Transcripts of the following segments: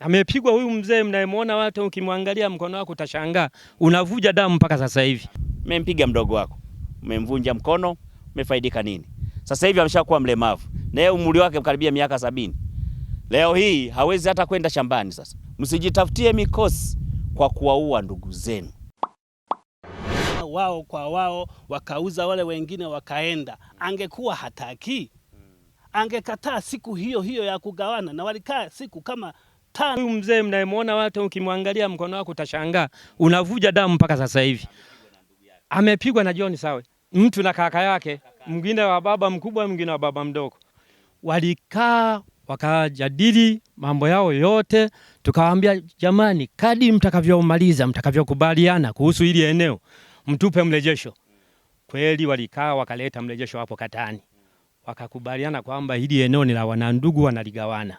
Amepigwa huyu mzee mnayemwona, watu ukimwangalia mkono wako utashangaa unavuja damu mpaka sasa hivi. Mmempiga mdogo wako, mmemvunja mkono, mmefaidika nini? Sasa hivi ameshakuwa mlemavu na yeye umri wake karibia miaka sabini. Leo hii hawezi hata kwenda shambani. Sasa msijitafutie mikosi kwa kuwaua ndugu zenu wao kwa wao, wakauza wale wengine wakaenda. Angekuwa hataki, hmm. angekataa siku hiyo hiyo ya kugawana, na walikaa siku kama tano. Huyu mzee mnayemwona wote, ukimwangalia mkono wako utashangaa unavuja damu mpaka sasa hivi. Amepigwa na John Sawe, mtu na kaka yake, mwingine wa baba mkubwa, mwingine wa baba mdogo. Walikaa wakajadili mambo yao yote, tukawaambia jamani, kadi mtakavyomaliza, mtakavyokubaliana kuhusu hili eneo, mtupe mrejesho. Kweli walikaa wakaleta mrejesho hapo katani, wakakubaliana kwamba hili eneo ni la wanandugu, wanaligawana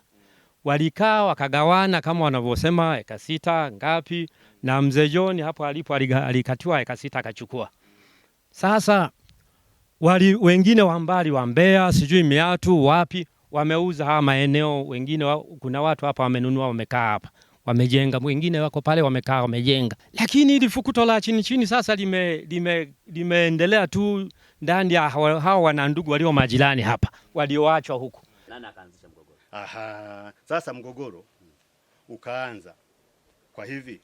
walikaa wakagawana kama wanavyosema eka sita ngapi, na mzee John hapo alipo alikatiwa eka sita akachukua. Sasa wali wengine wa mbali wa Mbeya, sijui miatu wapi, wameuza haya maeneo. Wengine wa, kuna watu hapa wamenunua, wamekaa hapa wamejenga, wengine wako pale wamekaa wamejenga, lakini ili fukuto la chini chini sasa lime, lime, limeendelea tu ndani ya hawa hawa ndugu walio majirani hapa walioachwa huku. Nani akaanzisha Aha, sasa mgogoro ukaanza kwa hivi,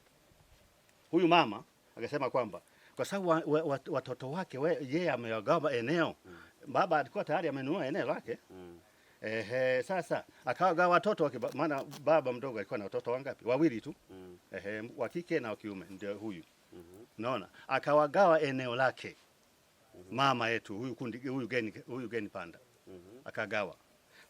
huyu mama akasema kwamba kwa sababu wa, wa, watoto wake yeye amewagawa eneo mm. Baba alikuwa tayari amenunua eneo lake mm. Ehe, sasa akawagawa watoto wake, maana baba mdogo alikuwa na watoto wangapi? Wawili tu mm. Ehe, wa kike na wa kiume, ndio huyu mm -hmm. Naona akawagawa eneo lake mm -hmm. Mama yetu huyu kundi, huyu geni, huyu geni panda mm -hmm. akagawa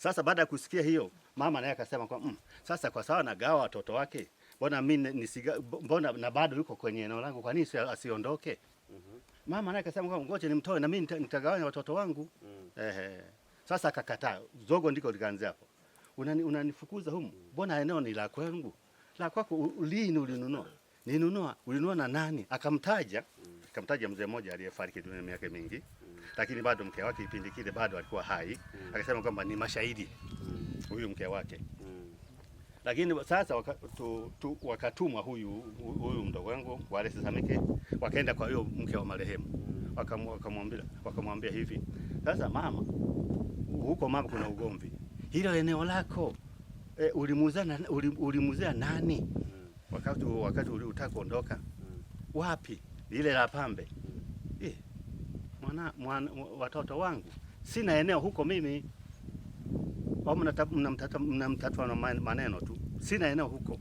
sasa baada ya kusikia hiyo, mama naye akasema kwa mm, sasa kwa sawa nagawa watoto wake, mbona mimi nisiga, mbona na bado yuko kwenye eneo langu, kwa nini asiondoke? mm -hmm. Mama naye akasema kwa ngoje nimtoe na mimi nitagawanya watoto wangu. mm. Ehe, sasa akakataa. Zogo ndiko likaanza hapo. Unani, unanifukuza humu, mm. mbona eneo ni la kwangu? La kwako lini ulinunua? Ninunua, ulinunua na nani? Akamtaja. mm kamtaja mzee mmoja aliyefariki dunia miaka mingi mm. Lakini bado mke wake kipindi kile bado alikuwa hai mm. Akasema kwamba ni mashahidi huyu mm. mke wake mm. Lakini sasa waka, tu, tu, wakatumwa huyu huyu mdogo wangu wale sasa mke wakaenda kwa huyo mke wa marehemu wakamwambia wakamwambia hivi sasa, mama, huko mama kuna ugomvi, hilo eneo lako e, eh, ulimuzana ulimuzea nani wakati wakati uliotaka kuondoka wapi? lile la pambe eh, mwana, mwana, watoto wangu sina eneo huko mimi au mnamtatua na maneno tu, sina eneo huko.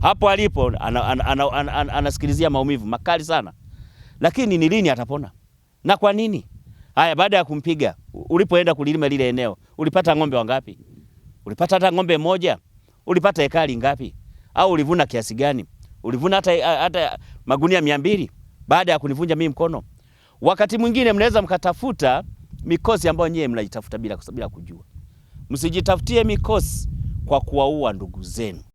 Hapo alipo anasikilizia ana, ana, ana, ana, ana maumivu makali sana, lakini ni lini atapona na kwa nini? Haya, baada ya kumpiga, ulipoenda kulilima lile eneo ulipata ng'ombe wangapi? Ulipata hata ng'ombe moja? Ulipata hekari ngapi? Au ulivuna kiasi gani? ulivuna hata, hata magunia mia mbili baada ya kunivunja mimi mkono. Wakati mwingine mnaweza mkatafuta mikosi ambayo nyie mnajitafuta bila, bila kujua. Msijitafutie mikosi kwa kuwaua ndugu zenu.